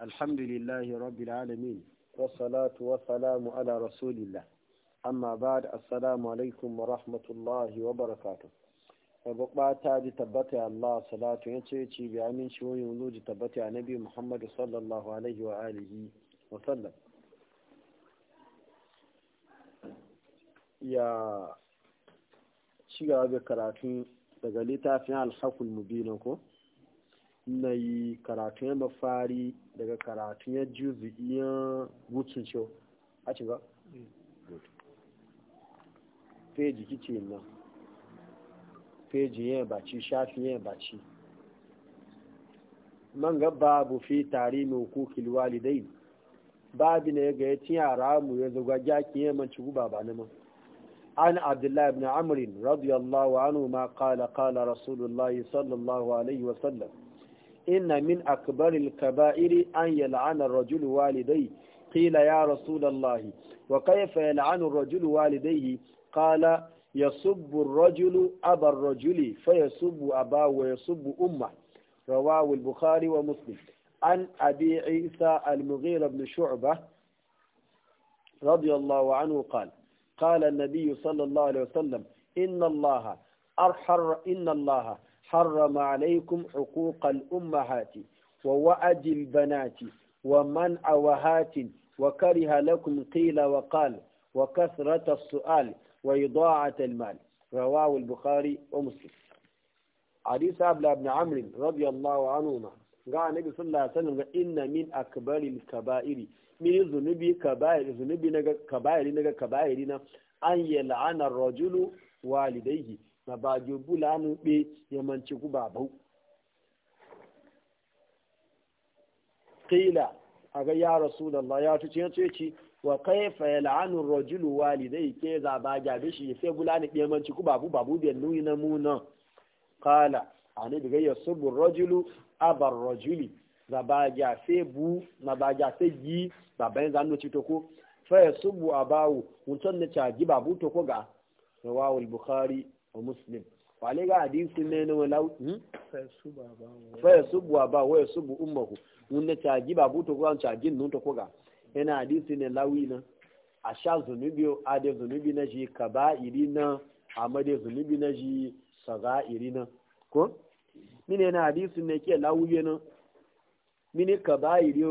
الحمد لله رب العالمين والصلاة والسلام على رسول الله أما بعد السلام عليكم ورحمة الله وبركاته وبقبعتا دي تبتع الله صلاة ينشيتي بعمين شوي ولود تبتع نبي محمد صلى الله عليه وآله وسلم يا شيخ أبي كراتين daga littafin alhakul mubinanku na yi karatu ya fari daga karatu ya juzu iya gutsun ciwo a ci ba? feji kice nan feji yin baci shafi yin baci man gaba bu fi tare mai hukukil walidai babi na ya ga ya tiya ramu ya zuga jaki yin manci guba ba nima man عن عبد الله بن عمرو رضي الله عنهما قال قال رسول الله صلى الله عليه وسلم إن من أكبر الكبائر أن يلعن الرجل والديه قيل يا رسول الله وكيف يلعن الرجل والديه قال يسب الرجل أبا الرجل فيسب أباه ويسب أمه رواه البخاري ومسلم عن أبي عيسى المغيرة بن شعبة رضي الله عنه قال قال النبي صلى الله عليه وسلم إن الله أرحر إن الله حرم عليكم حقوق الأمهات ووعد البنات ومن أوهات وكره لكم قيل وقال وكثرة السؤال وإضاعة المال رواه البخاري ومسلم حديث أبلا بن عمرو رضي الله عنهما قال النبي صلى الله عليه وسلم إن من أكبر الكبائر من ذنوب كبائر ذنوب كبائر كبائر أن يلعن الرجل والديه babajo bulanu be yamanci gubabau qila aga ya rasulullah ya tuce yace ci wa kaifa yal'anu ar-rajulu walidai ke za ba ga da shi sai bulani be yamanci gubabu babu da nuyi na muna qala ani ya yasubu ar-rajulu abar rajuli za ba ga sai bu na ba ga sai yi baban zanu ci to ko fa ya yasubu abawu mutun ne ta gi babu to ko ga rawahul bukhari wa muslim wale ga hadisi ne na wala hmm? fa yasubu aba, wa yasubu ummuhu ta ji ba buto ko an ji nun to koga yana hadisi ne lawi na a sha zunubi a da zunubi na ji iri na a ma da zunubi na ji saga'iri na ko mine na hadisi ne ke lawi na mine kaba'iri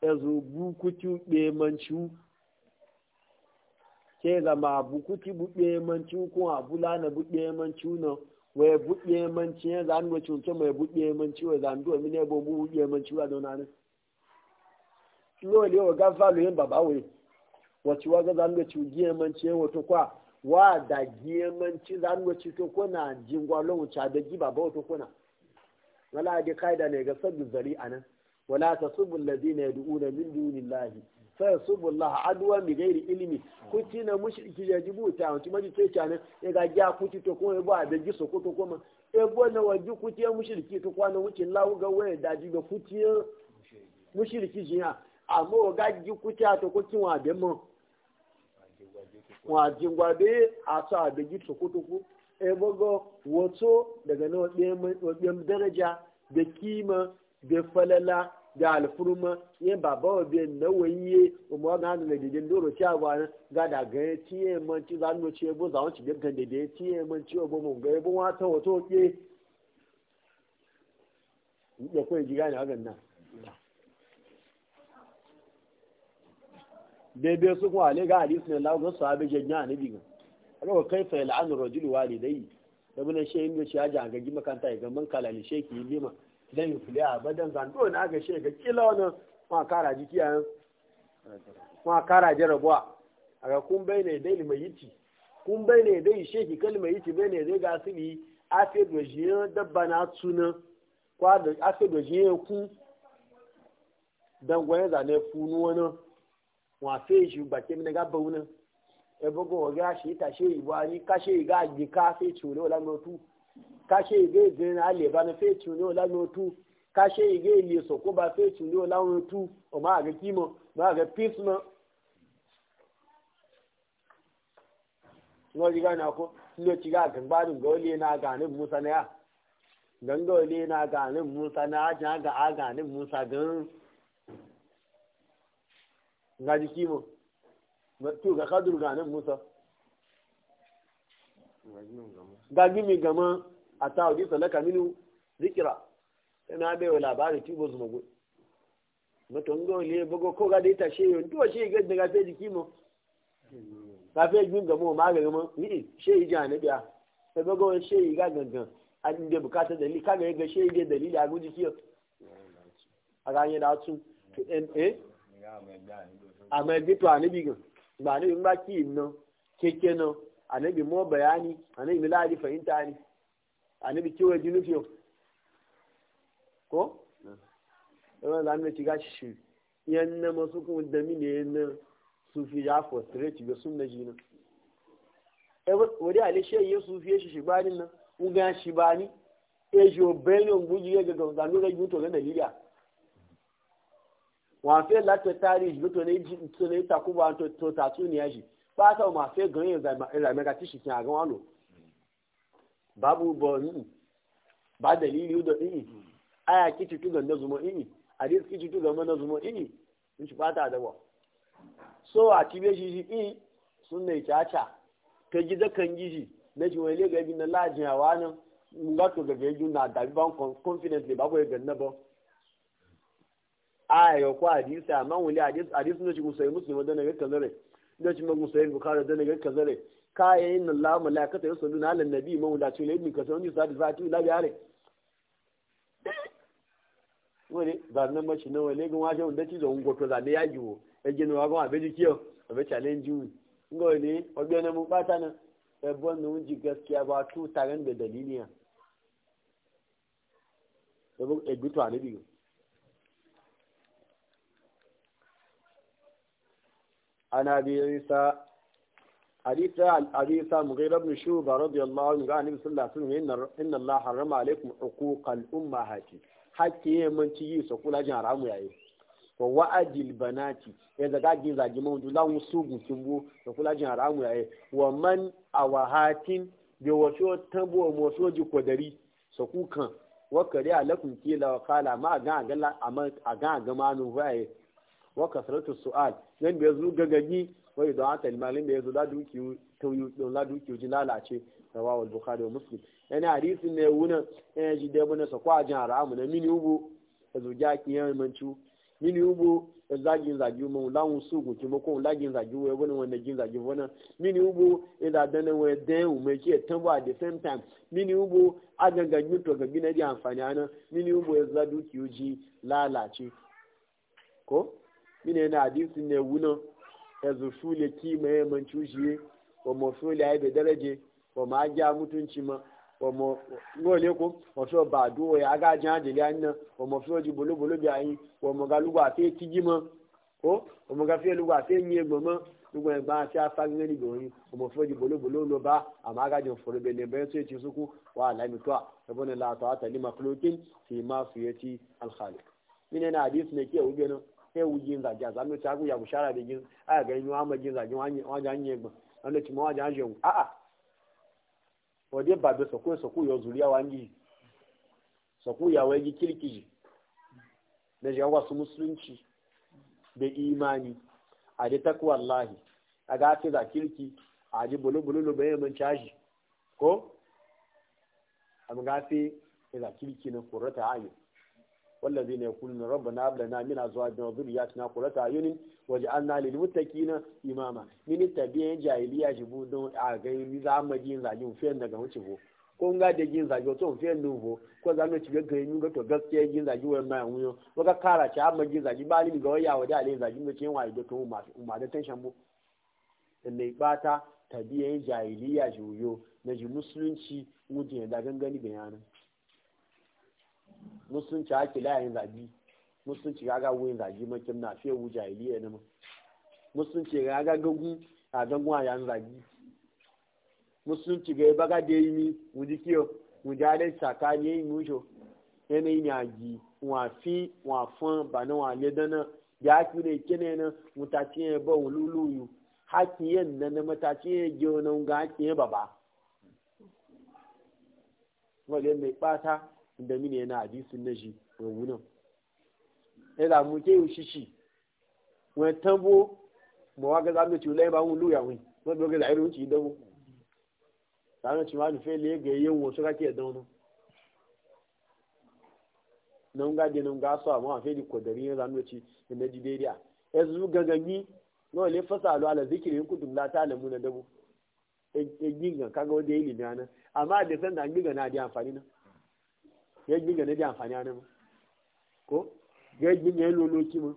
ezu bukutu be manchu ke zama abu kuti buɗe manci ko abu lana buɗe manci na wai buɗe manci ya zanu wa cuta mai buɗe manci wa zanu wa mine bobu buɗe manci wa ne lo le wa gafa lo yin baba wai wace wa ga zanu wa cuta manci ya wato kwa wa da giye manci zanu wa cuta ko na jingwa lo wuce da gi baba wato kuna wala da kaida ne ga sabbi zari anan wala tasubbu alladhina yad'una min dunillahi fa subullah adwa mi ilimi kuti na mushriki ya jibuta wanti maji to chana ya ga ja kuti to ko e ba da giso ko to kuma e bo na waji kuti ya na wuce lawu ga waya da ji ga kuti ya mushriki jiya amma ga ji kuti to ko kin wa be mo wa jingwa be a sa da giso ko to ko e bo go woto daga na wadde daraja da kima da falala da alfurma ye baba wa biyan na waye umar na da didin doro ci abuwa na ga da ga ya ciye man ci za mu ciye bu za mu ci gangan da ya ciye man ci obo mun ga ya bu wata wato ke da kawai ji gane hakan nan daidai su kuma ale ga hadisi ne lagun su abin janya a nabi ga alawa kai fa yal'anu rajulu walidai da bunan shehin da shi ya ji a gaji makanta ya gaban kalali sheki lima lan yufli abadan zando na ga she ga kila wani ma kara jiki a ma jarabuwa a ga kun bai ne dai mai yiti kun bai ne dai sheki kalmai yiti bai ne dai ga sibi a fe dabba na tuna kwa da a fe ku dan gwaye zane funu wani wa fe shi ba ke mina gaba e wani ebogo ga shi ta shi yi wa ni ka she ga ji ka fe ka ìgbé ìgbérin alè ìbánu ní ọlá ní otú kashe ìlè sọkóba fèètì ní ọlá ní ọmọ àgẹ kímọ ọmọ àgẹ písmọ. wọ́n ti gánà kó ló ti gá àgbàdùn gọ́ lé náà gà ní musa náà gàngọ́ náà gà ní musa náà ní musa gan. hatta hadisa laka minu zikira ina bai wa labari tibo zuma gwe mutum ga wale bugo ko ga da ita she yau duwa she ga daga fai jiki mu ka fai jin ga mu ma magani mu ni she yi ja ne biya sai e bugo she yi ga gangan an da bukata dalili kaga ga she yi dalili a guji kiyo a ganye da su eh amma ya to e? anabi e gan ba ne in ba ki no keke no bi mo bayani a anabi ladi fahimta ni? anabi kiwo ji nufi ko ɗaura za mu ci gashi shi yan na masu kuma da mini na sufi ya ci ga sun na ji wadda wadi alishiyar yi sufi ya shi shi banin nan uga shi bani ya e ji obelion guji ya gaga zanu rage mutu ga dalila wọn fẹ́ láti tari ìṣúgbó tó ní ìtakùbọ̀ àti tó tàtúnìyà yìí pátá wọn fẹ́ gan-an ìlànà ìlànà ìlànà tí ṣìṣẹ́ àgán wọn lò babu bani ba dalili da ni aya kici tugan na zumo ni hadis kici tugan na nazuma ni in shi fata da ba so a tibe shi shi sun sunne caca ka gida kan gishi na shi wani ga bin lajin a nan mun ga to ga ga yun na da ban confidently ba ko ga na ba aya ko hadisi amma wani hadis hadis ne shi musai musu da ne ga kazare da shi musai bukhari da ne ga kazare kaya yin Allah malakata ya sallu na alan nabi man wadace ne ibn kasar wani sadi zati la yare wani zannan mashi na wale gan wajen wanda ci zon goto zane ya giwo ya gina wa gan abeji kiyo abe challenge wu nga wani ogbe na mu bata na ebon na wunji gaskiya ba tu tagan da daliliya ana حديث حديث مغيرة بن شوبة رضي الله عنه قال النبي صلى الله عليه وسلم إن الله حرم عليكم عقوق هاتي هاتي من تيجي سقول أجن حرام يعني ووعد البنات إذا قاعد يزعج موجود لا مسوق تبو سقول أجن حرام يعني ومن أوهات بوشوا تبو وموشوا قدري سقول كان wakari alakum kila wa kala ma a gan a gama nuhu waye wa kasratu su'al nan bai zu gagagi wai da aka limalin da yazo laduki tauyu don ji lalace rawahu al-bukhari wa muslim yana hadisin ne wuna yana ji da bana sako a jin haramu na mini ubu yazo jaki yan mancu mini ubu zagin zagi mu lawun su go kimo ko lagin zagi wani wanda gin zagi wani mini ubu ila dana wai dan u mai ke tambo at the same time mini ubu agaga mito ga gina ji amfani ana mini ubu yazo laduki ji lalace ko mini yana hadisin ne wuna ya zufu le kima ya mancu shi wa mafi le da daraje wa ma ajiya mutunci ma wa mo ngole ko wa so ba duwo ya aga jan de le anna wa mo so ji bolo bolo bi ayin wa mo ga lugwa fe kijima ko wa mo ga fe lugwa fe nyi egbo mo lugwa e ba ti afa ngeni go yin wa mo so ji bolo bolo lo ba ama aga jan foro be le be so ti suku wa la mi to e bona la ta ta li makhluqin fi ma fiyati al khaliq min na hadith ne ke u geno sai wuje zage a zanu ta ya bushara da gin a ga ni wa magin zage wajen hanye ba wanda ci ma wajen hanye a a wade ba da sako sako yo zuriya wangi sako ya wai gi kirkiji da jawa su musulunci da imani a da takwa Allah a ga ta za kirki a ji bulubulu bayan mun caji ko am ga ta za kirki na kurata ayyuka والذين يقولون ربنا هب لنا من ازواجنا وذرياتنا قرة اعين واجعلنا للمتقين اماما من التبين جاهليه جبودون اغاي زامجين زاجين فين daga wuce go ko nga da jin zage to fe nuvo ko za mu ciga gari nuga to gaskiya jin zage wayan mai wuyo ko ka kara ci amma jin zage ba ni ga waya wa da ale zage mu cin waye da to ma ma da tension mu ne da bayanan musulunci ake layin zabi musulunci ga ga wuyin zabi makin na fiye wuja iliya ne ma musulunci ga ga gagu a gangwa yan zabi musulunci ga baga da yi ni wuji kiyo wuji adai tsakani yayin mujo yanayi ne a gi wafi wafan ba na wale dana ya ki ne kene na mutaci ya ba lulu wululuyu haki yan na na mataci ya gi wani ga haki ya baba wale mai bata inda mini yana hadisin na shi nan ya zamu ke yi shishi wani tambo ma waga zamu ci ulai ba mu luya wani bai gaza irin wuce idan mu zamu ci ma nufe ne ga yin wasu kake da wani nan ga dinan ga so amma fe di kodari ya zamu ci da ji daidai a zuzu gagami nawa wale fasa alu ala zikirin kudum la ta alamu na dabo ya e, e gingan kaga wanda ya yi limana amma da san da an gingan na da amfani na ya gbin ga na bi amfani a nan ko ya gbin ga ya loloki mu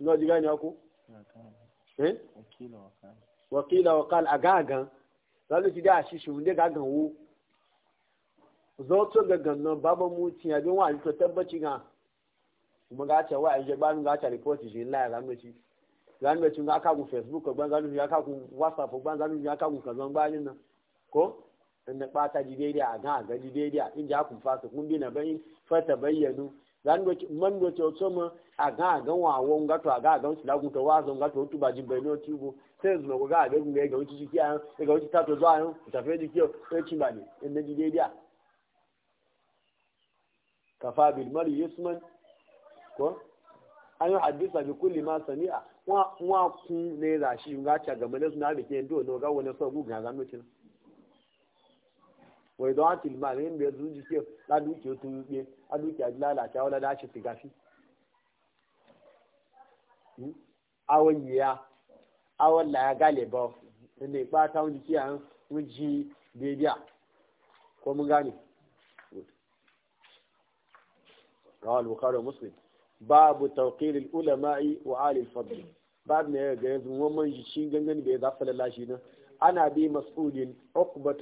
ina ji gani ko eh wakila wakal a gagan zalu ci da shi shi ga gan wo zo to gagan nan baba mu ci ya bin wani to tabbaci ga kuma ga ta wa'in je banu ga ta report shi la ga mu ci zanu ga cin ga aka ku facebook ga zanu ga aka ku whatsapp ga zanu ga aka ku kazan bayin nan ko inda ɓata ji daidai a gan a gaji daidai a inji hakun fasa kun bi na bayin fata bayyanu man do ce ma mu a gan a gan wawo ngato a gan a gan sila kuta wazo ngato otu ba ji bayyanu otu bo sai zuma ko gan a gan ga wuci ciki a yan ga wuci tato zuwa yan tafiye jiki yau sai ci ba ne inda ji daidai a kafa bil mari yusman ko an yi hadisa bi kulli ma sami'a wa kun ne da shi ga ta game da suna da ke ndo no ga wani sabu ga zanotin wai don hatil ma ne mai zuji ke la duki o tun yuɓe a lalata wala da shi tigafi awon yiya awon la ya gale ba inda ya ɓata wani wuji bibiya ko mun gane rawal bukhari muslim babu tawqir ulama'i wa ali al fadl ne ga yanzu mun man shi gangan bai zafa lallashi na ana bi mas'udin uqbat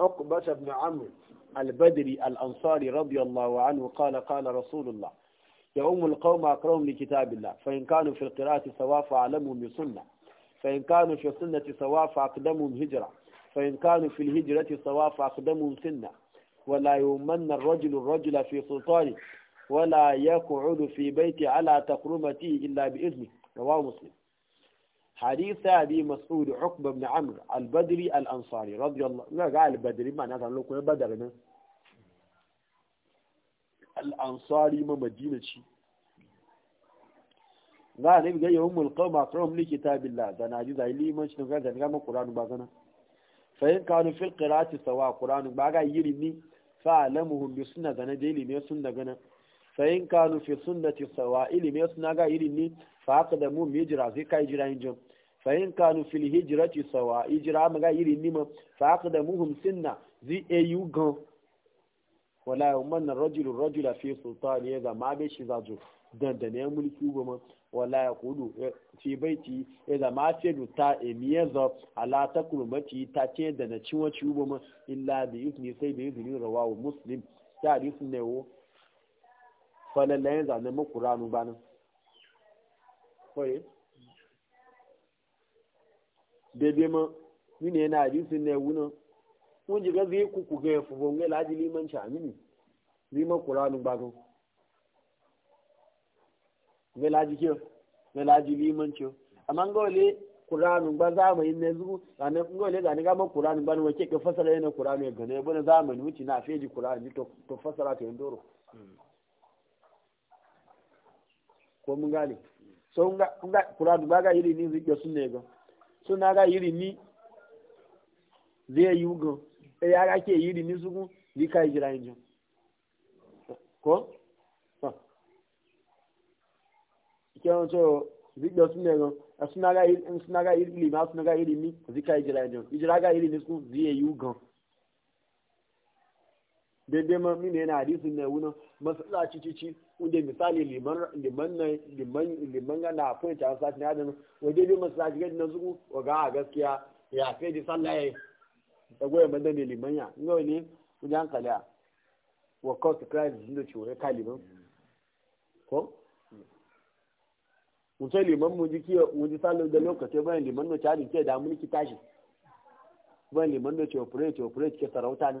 عقبة بن عمرو البدري الأنصاري رضي الله عنه قال قال رسول الله يؤم القوم أقرهم لكتاب الله فإن كانوا في القراءة سواء فأعلمهم بسنة فإن كانوا في السنة سواء فأقدمهم هجرة فإن كانوا في الهجرة سواء فأقدمهم سنة ولا يؤمن الرجل الرجل في سلطانه ولا يقعد في بيته على تقرمته إلا بإذنه رواه مسلم حديث أبي مسعود عقبة بن عمرو البدري الأنصاري رضي الله لا قال البدري ما نعرف لكم بدرنا الأنصاري ما مدينة شيء قال يبقى يوم القوم أقرهم لكتاب الله ده ناجز عيلي ما شنو قال ده قرآن بعضنا فإن كانوا في القراءة سواء قرآن بعضا يريني فعلمهم بسنة ده نجيلي ما سنة جنا فإن كانوا في سنة سواء إلي ما سنة جا يرني فأقدموا ميجرا زي كاي جرا ينجم fahim kanu fil hijirati sawa hijira maga iri nima fa aqda muhum sinna zi ayu gan wala yumanna rajulu rajula fi sultani ya zama be shi zazo dandane ya mulki goma wala ya kudu fi baiti ya zama fi duta emiye zo ala ta kurmati ta ce da na ciwo ciwo goma illa bi yuzni sai bi yuzni rawahu muslim ya hadisi ne wo falalan zanen makuranu banan koyi bebe ma mine yana hadisin ne wuna mun ji ga zai kuku ga ya fubo ngai laji liman shamini liman kuranin bagan ngai laji kiyo ngai laji liman ciyo amma ga wale kuranin ba mai ne zuwa ranar ga wale ga ma gama kuranin ba ne wake ka fasara yana kuranin ya gane bane zamani wuce na feji kuranin to fasara ta yandoro ko mun gane so nga kuranin ba ga iri ni zai sun ne ga suna ga yiri ni zai yi ugun ɗaya ya ga ke yiri ni sugun zai kai jira injin ko? ike wọn tó zikpe sun ne gan suna ga yiri ni suna ga yiri ni zai ka jira injin ijira ga yiri ni sugun zai yi ugun daidai ma mini yana hadisin ne wuna masala cicici wanda misali liman liman na liman liman ga na fun ta sa ne adam wa daidai masala ga na zuku wa ga gaskiya ya kai di sallaye da goye manda ne liman ya ngo ne kujan kala wa ko to kai din da ciwo kai liman ko wuce liman mu jiki mu ji sallah da lokaci bayan liman no ta din ke da ki tashi bayan liman no ce cewa operate ke sarauta ne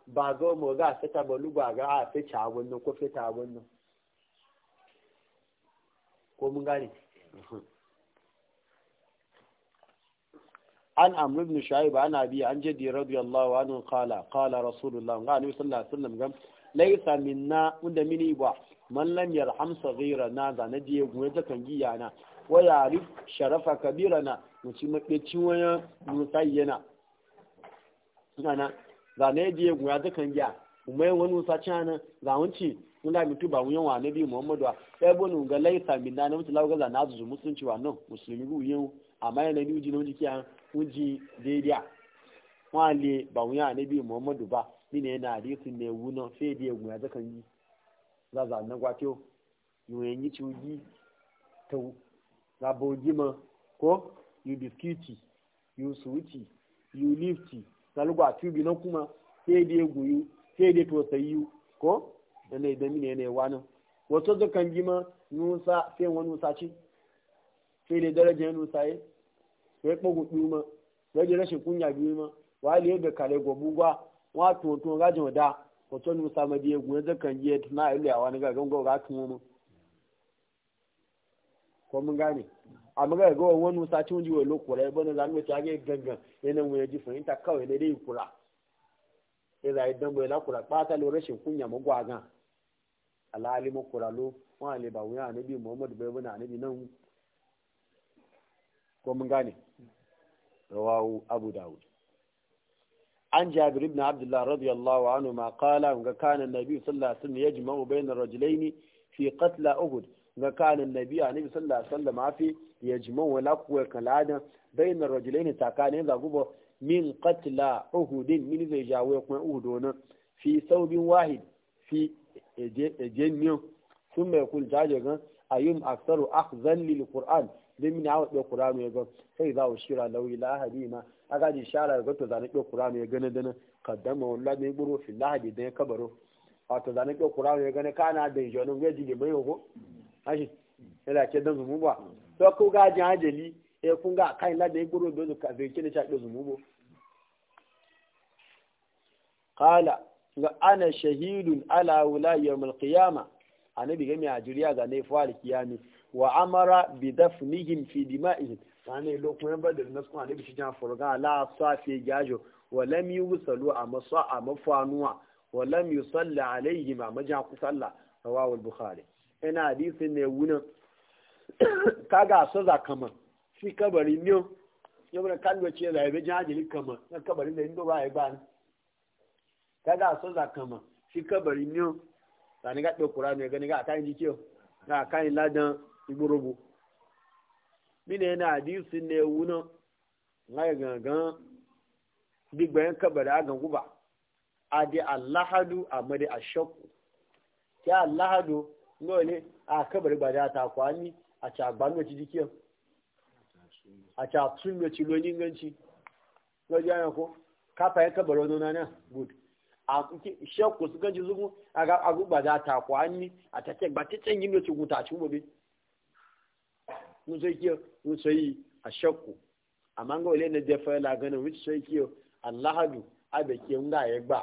ba ga mu ga ta ta balu ba ga a fi ci abun nan ko fi ta abun nan ko mun gani. an amru ibn shaib an abi an jaddi radiyallahu anhu qala qala rasulullah ga ni sallallahu alaihi wasallam gam laysa minna unda mini ba man lam yarham saghirana da na je gwe da kan giyana wa yari sharafa kabirana mu ci mabbe ci wani musayyana ana zane biye guya dukan giya umai wani musa cana zawanci mun da mutu ba mu yan wani bi muhammadu a sai bonu ga laisa min da mutu lawa ga na zuzu musulunci wa nan musulmi gu yau amma yana ni ujin wani kiyan uji daidai wa le ba mu yan bi muhammadu ba ni ne na hadisi ne wuno sai biye guya dukan yi za za na gwato yoyen yi ciwugi ta zabo jima, ko yu biskiti yu suwiti yu lifti a tubi na kuma sai da ya guyu sai da tosayi ko da na idami ne yawa nan wato zukan kan ma nusa sai wani nusa ci sai da daraja ya nusa yi sai kpogu biyu ma rage rashin kunya biyu ma wa wali yadda kare gobu gwa wa to gajin da wato nusa ma biye guyu kan biye na ilu yawa na gagan gwa ga tumo mu ko mun gane a ga ga wani sati wani wani kura ya bane zanuwa ta ga gangan yana wani ji fahimta kawai na dai kura sai zai dan bai la kura lo rashin kunya magwagan alali mu lo wani ba wuya annabi Muhammadu bai bane nan ko mun gane rawawu abu dawud ya jima wala kuwa kaladan bai na rajulai ne tsakanin ba min katila uhudin min zai jawo kuma uhudo fi saubin wahid fi ejeniyo sun mai kul jaje gan ayyum aksaru akhzan lil qur'an dan min hawa da qur'anu ya gan sai za shira law ilaha bima aga ji shara ga to zane da qur'anu ya gane dana qaddama wallahi ne buru fi lahadi dan kabaro a wato zane da qur'anu ya gane kana da yi gaji da bayo ko ashi sai da ke dan zumu ba to ko ga jin hajali e eh, kun ga kai la da goro do ka be kini cha do zumubo qala ga ana shahidun ala wala yawmul qiyama annabi ga mi ajiriya ga ne fa alkiyami wa amara bi dafnihim fi dima'ihim sane lokun ba da nasu annabi shi jan furga la safi gajo wa lam yusalu a masa a mafanuwa wa lam yusalla alaihim a majan ku salla rawahu al-bukhari ina hadisin ne wunan kaga so za kama fi kabari ne yau na kan wace da yabe e jin hajjali kama na kabari da indo ba ya e ba kaga so za kama fi kabari ne ta ni ga do qur'ani e ga ni ga kan ji kiyo ga kan ladan iburubu mine yana hadisi ne wuna ngai gangan digbayan kabari agan guba adi allahadu amadi ashakku ki allahadu ngole a kabari ba da ta kwani a ci agbanwaci dikiyar a ci atsunwaci lonin ganci lọ́jọ́ ayọ̀ kó kápá yẹn kẹbẹ̀rẹ̀ ọdún náà good iṣẹ́ kò sí gẹ́jì zúgún agbúgbàdá àtàkọ̀ á ní ce gba yìí ló ti gùn a cikin bí musa musa yi a shakku amma ga wale na dafa wuce allahadu abeke ya gba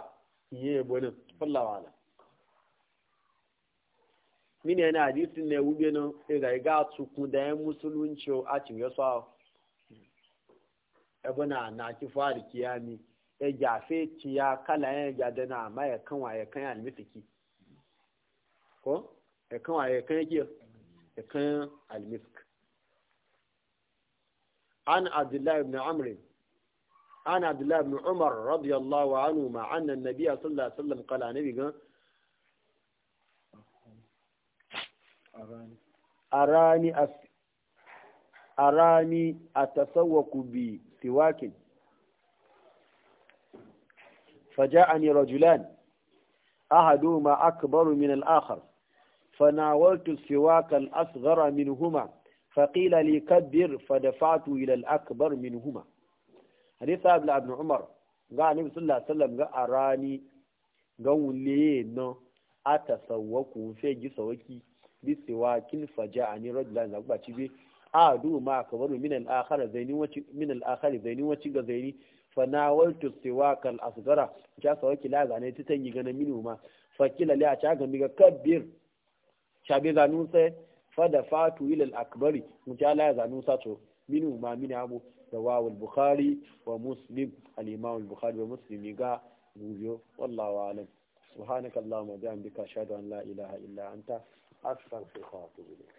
iye ebonin fallawa ala mini yana hadisin ne wube nan riga tukun da ya e musulunci a cinye sa ebuna na ki fari kiyami ya ni e jafe kiya kala e ya jada na amma ya kanwa ya kan almisiki ko ya kanwa ya kan yake ya kan almisk an abdullahi ibn amri an abdullahi ibn umar radiyallahu anhu ma anna nabiyya sallallahu alaihi wasallam qala nabi gan أراني أراني arani atasawwaku bi siwakin فجاءني رجلان أحدهما أكبر من الآخر فناولت السواك الأصغر منهما فقيل لي كبر فدفعت إلى الأكبر منهما حديث الله ابن عمر قال النبي صلى الله عليه وسلم قال أراني قول لي أتسوق في جسوكي bisewa kin faja a ni ja'ani na gba ci bi a du ma kabaru min al-akhar zaini wati min al-akhar zaini wati ga zaini fa nawaltu siwaka al-asghara ja sa waki la zane ti ta tanyi ganin minu ma fa kila la ta ga mi ga kabir cha bi za nu sai fa da fatu ila al-akbari mu ja la za nu sa to minu ma min abu rawahu al-bukhari wa muslim al-imam al-bukhari wa muslim ga gujo wallahu a'lam subhanakallahumma wa bihamdika ashhadu an la ilaha illa anta أستغفرك وأتوب إليك